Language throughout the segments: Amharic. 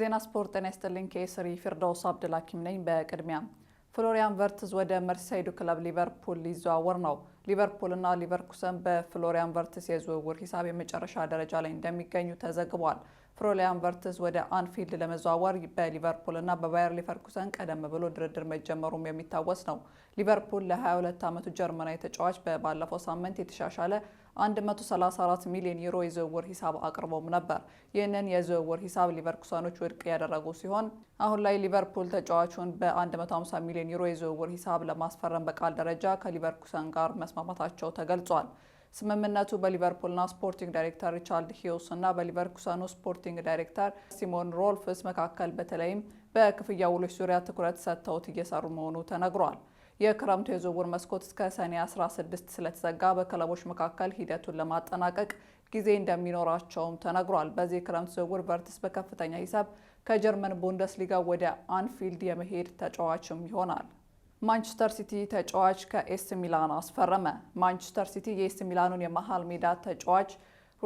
ዜና ስፖርት ጤና ይስጥልኝ። ከኤስሪ ፊርዳውስ አብድልሀኪም ነኝ። በቅድሚያ ፍሎሪያን ቨርትዝ ወደ መርሴይዱ ክለብ ሊቨርፑል ሊዘዋወር ነው። ሊቨርፑልና ሊቨርኩሰን በፍሎሪያን ቨርትዝ የዝውውር ሂሳብ የመጨረሻ ደረጃ ላይ እንደሚገኙ ተዘግቧል። ፍሎሪያን ቨርትዝ ወደ አንፊልድ ለመዘዋወር በሊቨርፑልና በባየር ሊቨርኩሰን ቀደም ብሎ ድርድር መጀመሩም የሚታወስ ነው። ሊቨርፑል ለ22 ዓመቱ ጀርመናዊ ተጫዋች በባለፈው ሳምንት የተሻሻለ 134 ሚሊዮን ዩሮ የዝውውር ሂሳብ አቅርቦም ነበር። ይህንን የዝውውር ሂሳብ ሊቨርኩሰኖች ውድቅ ያደረጉ ሲሆን አሁን ላይ ሊቨርፑል ተጫዋቹን በ150 ሚሊዮን ዩሮ የዝውውር ሂሳብ ለማስፈረም በቃል ደረጃ ከሊቨርኩሰን ጋር መስማማታቸው ተገልጿል። ስምምነቱ በሊቨርፑልና ስፖርቲንግ ዳይሬክተር ሪቻርድ ሂውስ እና በሊቨርኩሰኑ ስፖርቲንግ ዳይሬክተር ሲሞን ሮልፍስ መካከል በተለይም በክፍያ ውሎች ዙሪያ ትኩረት ሰጥተውት እየሰሩ መሆኑ ተነግሯል። የክረምቱ የዝውውር መስኮት እስከ ሰኔ 16 ስለተዘጋ በክለቦች መካከል ሂደቱን ለማጠናቀቅ ጊዜ እንደሚኖራቸውም ተነግሯል። በዚህ ክረምት ዝውውር ቨርትስ በከፍተኛ ሂሳብ ከጀርመን ቡንደስሊጋ ወደ አንፊልድ የመሄድ ተጫዋችም ይሆናል። ማንቸስተር ሲቲ ተጫዋች ከኤስ ሚላን አስፈረመ። ማንቸስተር ሲቲ የኤስ ሚላኑን የመሃል ሜዳ ተጫዋች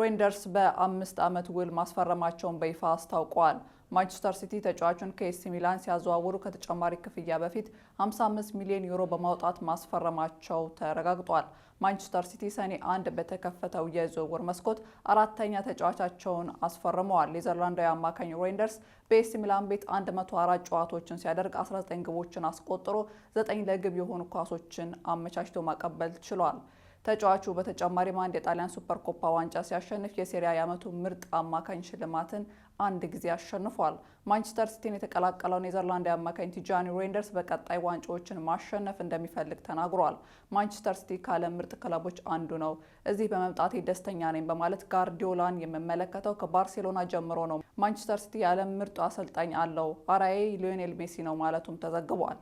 ሬንደርስ በአምስት ዓመት ውል ማስፈረማቸውን በይፋ አስታውቋል። ማንቸስተር ሲቲ ተጫዋቹን ከኤሲ ሚላን ሲያዘዋውሩ ከተጨማሪ ክፍያ በፊት 55 ሚሊዮን ዩሮ በማውጣት ማስፈረማቸው ተረጋግጧል። ማንቸስተር ሲቲ ሰኔ አንድ በተከፈተው የዝውውር መስኮት አራተኛ ተጫዋቻቸውን አስፈርመዋል። ኔዘርላንዳዊ አማካኝ ሬይንደርስ በኤሲ ሚላን ቤት 104 ጨዋታዎችን ሲያደርግ 19 ግቦችን አስቆጥሮ 9 ለግብ የሆኑ ኳሶችን አመቻችቶ ማቀበል ችሏል። ተጫዋቹ በተጨማሪም አንድ የጣሊያን ሱፐር ኮፓ ዋንጫ ሲያሸንፍ የሴሪያ የዓመቱ ምርጥ አማካኝ ሽልማትን አንድ ጊዜ አሸንፏል። ማንቸስተር ሲቲን የተቀላቀለው ኔዘርላንድ አማካኝ ቲጃኒ ሬንደርስ በቀጣይ ዋንጫዎችን ማሸነፍ እንደሚፈልግ ተናግሯል። ማንቸስተር ሲቲ ከዓለም ምርጥ ክለቦች አንዱ ነው፣ እዚህ በመምጣቴ ደስተኛ ነኝ በማለት ጋርዲዮላን የምመለከተው ከባርሴሎና ጀምሮ ነው። ማንቸስተር ሲቲ የዓለም ምርጡ አሰልጣኝ አለው፣ አራዬ ሊዮኔል ሜሲ ነው ማለቱም ተዘግቧል።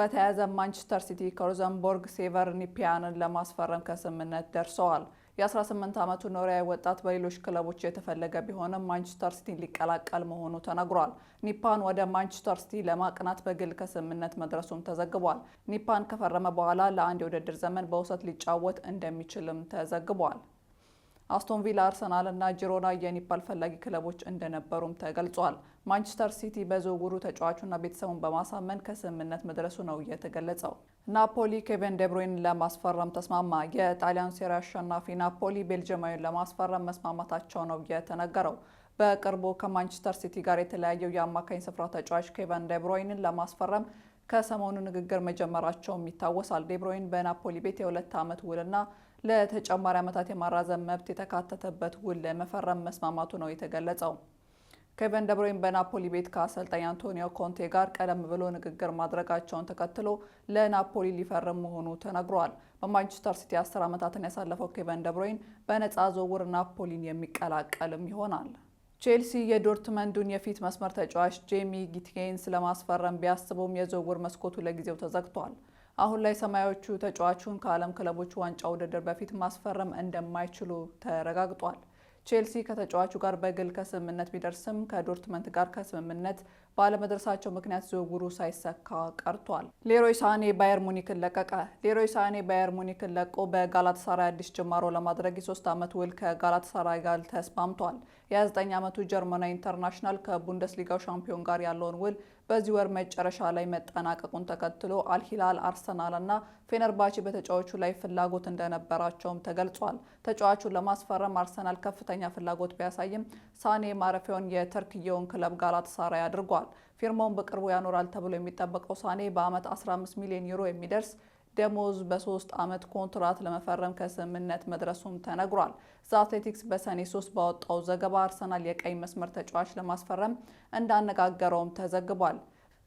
በተያያዘ ማንቸስተር ሲቲ ከሮዘንቦርግ ሴቨርኒፒያንን ለማስፈረም ከስምምነት ደርሰዋል። የ18 ዓመቱ ኖሪያዊ ወጣት በሌሎች ክለቦች የተፈለገ ቢሆንም ማንቸስተር ሲቲን ሊቀላቀል መሆኑ ተነግሯል። ኒፓን ወደ ማንቸስተር ሲቲ ለማቅናት በግል ከስምምነት መድረሱም ተዘግቧል። ኒፓን ከፈረመ በኋላ ለአንድ የውድድር ዘመን በውሰት ሊጫወት እንደሚችልም ተዘግቧል። አስቶን ቪላ፣ አርሰናል እና ጂሮና የኒፓል ፈላጊ ክለቦች እንደነበሩም ተገልጿል። ማንቸስተር ሲቲ በዝውውሩ ተጫዋቹና ቤተሰቡን በማሳመን ከስምምነት መድረሱ ነው የተገለጸው። ናፖሊ ኬቨን ደብሮይን ለማስፈረም ተስማማ። የጣሊያኑ ሴሪ አሸናፊ ናፖሊ ቤልጅማዊን ለማስፈረም መስማማታቸው ነው የተነገረው። በቅርቡ ከማንቸስተር ሲቲ ጋር የተለያየው የአማካኝ ስፍራ ተጫዋች ኬቨን ደብሮይንን ለማስፈረም ከሰሞኑ ንግግር መጀመራቸውም ይታወሳል። ዴብሮይን በናፖሊ ቤት የሁለት ዓመት ውልና ለተጨማሪ ዓመታት የማራዘም መብት የተካተተበት ውል ለመፈረም መስማማቱ ነው የተገለጸው። ኬቨን ደብሮይን በናፖሊ ቤት ከአሰልጣኝ አንቶኒዮ ኮንቴ ጋር ቀደም ብሎ ንግግር ማድረጋቸውን ተከትሎ ለናፖሊ ሊፈርም መሆኑ ተነግሯል። በማንቸስተር ሲቲ አስር ዓመታትን ያሳለፈው ኬቨን ደብሮይን በነፃ ዝውውር ናፖሊን የሚቀላቀልም ይሆናል። ቼልሲ የዶርትመንዱን የፊት መስመር ተጫዋች ጄሚ ጊትጌንስ ለማስፈረም ቢያስበውም የዝውውር መስኮቱ ለጊዜው ተዘግቷል። አሁን ላይ ሰማያዎቹ ተጫዋቹን ከዓለም ክለቦች ዋንጫ ውድድር በፊት ማስፈረም እንደማይችሉ ተረጋግጧል። ቼልሲ ከተጫዋቹ ጋር በግል ከስምምነት ቢደርስም ከዶርትመንት ጋር ከስምምነት ባለመድረሳቸው ምክንያት ዝውውሩ ሳይሰካ ቀርቷል። ሌሮይ ሳኔ ባየር ሙኒክን ለቀቀ። ሌሮይ ሳኔ ባየር ሙኒክን ለቆ በጋላታሳራይ አዲስ ጅማሮ ለማድረግ የሶስት ዓመት ውል ከጋላታሳራይ ጋር ተስማምቷል። የ29 ዓመቱ ጀርመናዊ ኢንተርናሽናል ከቡንደስሊጋው ሻምፒዮን ጋር ያለውን ውል በዚህ ወር መጨረሻ ላይ መጠናቀቁን ተከትሎ አልሂላል፣ አርሰናል እና ፌነርባቺ በተጫዋቹ ላይ ፍላጎት እንደነበራቸውም ተገልጿል። ተጫዋቹን ለማስፈረም አርሰናል ከፍተኛ ፍላጎት ቢያሳይም ሳኔ ማረፊያውን የተርክየውን ክለብ ጋላታሳራይ አድርጓል። ፊርማውን በቅርቡ ያኖራል ተብሎ የሚጠበቀው ሳኔ በዓመት 15 ሚሊዮን ዩሮ የሚደርስ ደሞዝ በሶስት ዓመት ኮንትራት ለመፈረም ከስምምነት መድረሱም ተነግሯል። ዘ አትሌቲክስ በሰኔ ሶስት ባወጣው ዘገባ አርሰናል የቀኝ መስመር ተጫዋች ለማስፈረም እንዳነጋገረውም ተዘግቧል።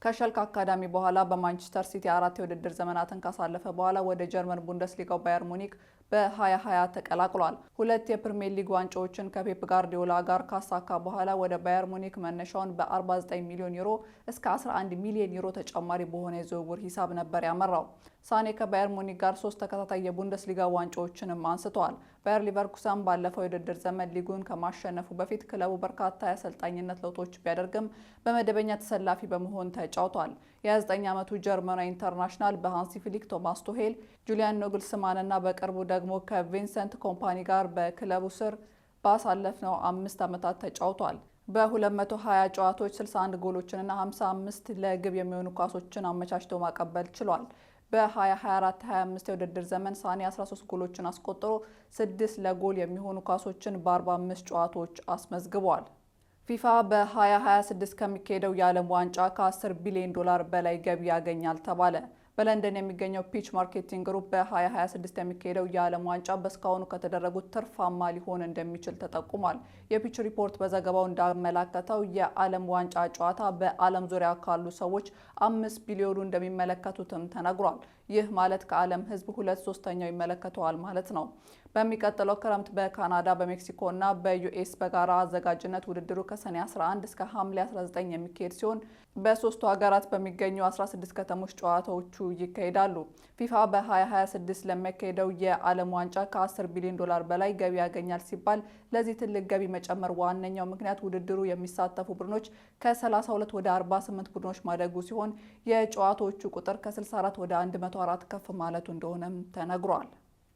ከሸልክ አካዳሚ በኋላ በማንቸስተር ሲቲ አራት የውድድር ዘመናትን ካሳለፈ በኋላ ወደ ጀርመን ቡንደስሊጋው ባየር ሙኒክ በ2020 ተቀላቅሏል። ሁለት የፕሪሚየር ሊግ ዋንጫዎችን ከፔፕ ጋርዲዮላ ጋር ካሳካ በኋላ ወደ ባየር ሙኒክ መነሻውን በ49 ሚሊዮን ዩሮ እስከ 11 ሚሊዮን ዩሮ ተጨማሪ በሆነ የዝውውር ሂሳብ ነበር ያመራው። ሳኔ ከባየር ሙኒክ ጋር ሶስት ተከታታይ የቡንደስሊጋ ዋንጫዎችንም አንስተዋል። ባየር ሊቨርኩሰን ባለፈው የውድድር ዘመን ሊጉን ከማሸነፉ በፊት ክለቡ በርካታ የአሰልጣኝነት ለውጦች ቢያደርግም በመደበኛ ተሰላፊ በመሆን ተጫውቷል። የ29 ዓመቱ ጀርመናዊ ኢንተርናሽናል በሃንሲ ፍሊክ፣ ቶማስ ቱሄል፣ ጁሊያን ኖግልስማን እና በቅርቡ ደግሞ ከቪንሰንት ኮምፓኒ ጋር በክለቡ ስር ባሳለፍነው አምስት ዓመታት ተጫውቷል። በ220 ጨዋታዎች 61 ጎሎችንና 55 ለግብ የሚሆኑ ኳሶችን አመቻችቶ ማቀበል ችሏል። በ2024/25 የውድድር ዘመን ሳኔ 13 ጎሎችን አስቆጥሮ 6 ለጎል የሚሆኑ ኳሶችን በ45 ጨዋታዎች አስመዝግቧል። ፊፋ በ2026 ከሚካሄደው የዓለም ዋንጫ ከ10 ቢሊዮን ዶላር በላይ ገቢ ያገኛል ተባለ። በለንደን የሚገኘው ፒች ማርኬቲንግ ግሩፕ በ2026 የሚካሄደው የዓለም ዋንጫ በእስካሁኑ ከተደረጉት ትርፋማ ሊሆን እንደሚችል ተጠቁሟል። የፒች ሪፖርት በዘገባው እንዳመላከተው የዓለም ዋንጫ ጨዋታ በዓለም ዙሪያ ካሉ ሰዎች አምስት ቢሊዮኑ እንደሚመለከቱትም ተነግሯል። ይህ ማለት ከዓለም ሕዝብ ሁለት ሶስተኛው ይመለከተዋል ማለት ነው። በሚቀጥለው ክረምት በካናዳ በሜክሲኮ እና በዩኤስ በጋራ አዘጋጅነት ውድድሩ ከሰኔ 11 እስከ ሐምሌ 19 የሚካሄድ ሲሆን በሶስቱ ሀገራት በሚገኙ 16 ከተሞች ጨዋታዎቹ ይካሄዳሉ። ፊፋ በ2026 ለሚያካሄደው የዓለም ዋንጫ ከ10 ቢሊዮን ዶላር በላይ ገቢ ያገኛል ሲባል ለዚህ ትልቅ ገቢ መጨመር ዋነኛው ምክንያት ውድድሩ የሚሳተፉ ቡድኖች ከ32 ወደ 48 ቡድኖች ማደጉ ሲሆን የጨዋታዎቹ ቁጥር ከ64 ወደ 104 ከፍ ማለቱ እንደሆነም ተነግሯል።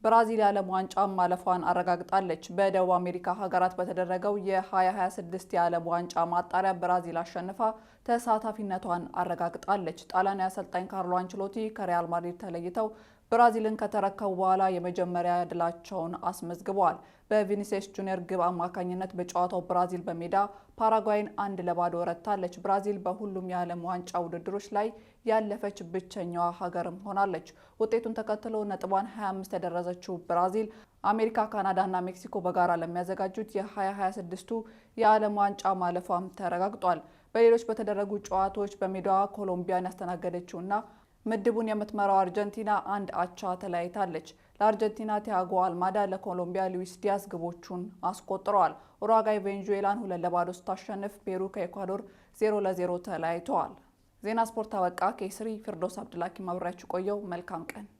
ብራዚል የዓለም ዋንጫ ማለፏን አረጋግጣለች። በደቡብ አሜሪካ ሀገራት በተደረገው የ2026 የዓለም ዋንጫ ማጣሪያ ብራዚል አሸንፋ ተሳታፊነቷን አረጋግጣለች። ጣሊያን አሰልጣኝ ካርሎ አንችሎቲ ከሪያል ማድሪድ ተለይተው ብራዚልን ከተረከቡ በኋላ የመጀመሪያ ድላቸውን አስመዝግበዋል። በቪኒሴስ ጁኒየር ግብ አማካኝነት በጨዋታው ብራዚል በሜዳ ፓራጓይን አንድ ለባዶ ረታለች። ብራዚል በሁሉም የዓለም ዋንጫ ውድድሮች ላይ ያለፈች ብቸኛዋ ሀገርም ሆናለች። ውጤቱን ተከትሎ ነጥቧን 25 የደረሰችው ብራዚል አሜሪካ፣ ካናዳ እና ሜክሲኮ በጋራ ለሚያዘጋጁት የ2026ቱ የዓለም ዋንጫ ማለፏም ተረጋግጧል። በሌሎች በተደረጉ ጨዋታዎች በሜዳዋ ኮሎምቢያን ያስተናገደችውና ምድቡን የምትመራው አርጀንቲና አንድ አቻ ተለያይታለች። ለአርጀንቲና ቲያጎ አልማዳ ለኮሎምቢያ ሉዊስ ዲያስ ግቦቹን አስቆጥረዋል። ኡራጓይ ቬንዙዌላን ሁለት ለባዶ ስታሸንፍ፣ ፔሩ ከኤኳዶር ዜሮ ለዜሮ ተለያይተዋል። ዜና ስፖርት አበቃ። ከስሪ ፊርዶስ አብድላኪ ማብሪያችሁ ቆየው። መልካም ቀን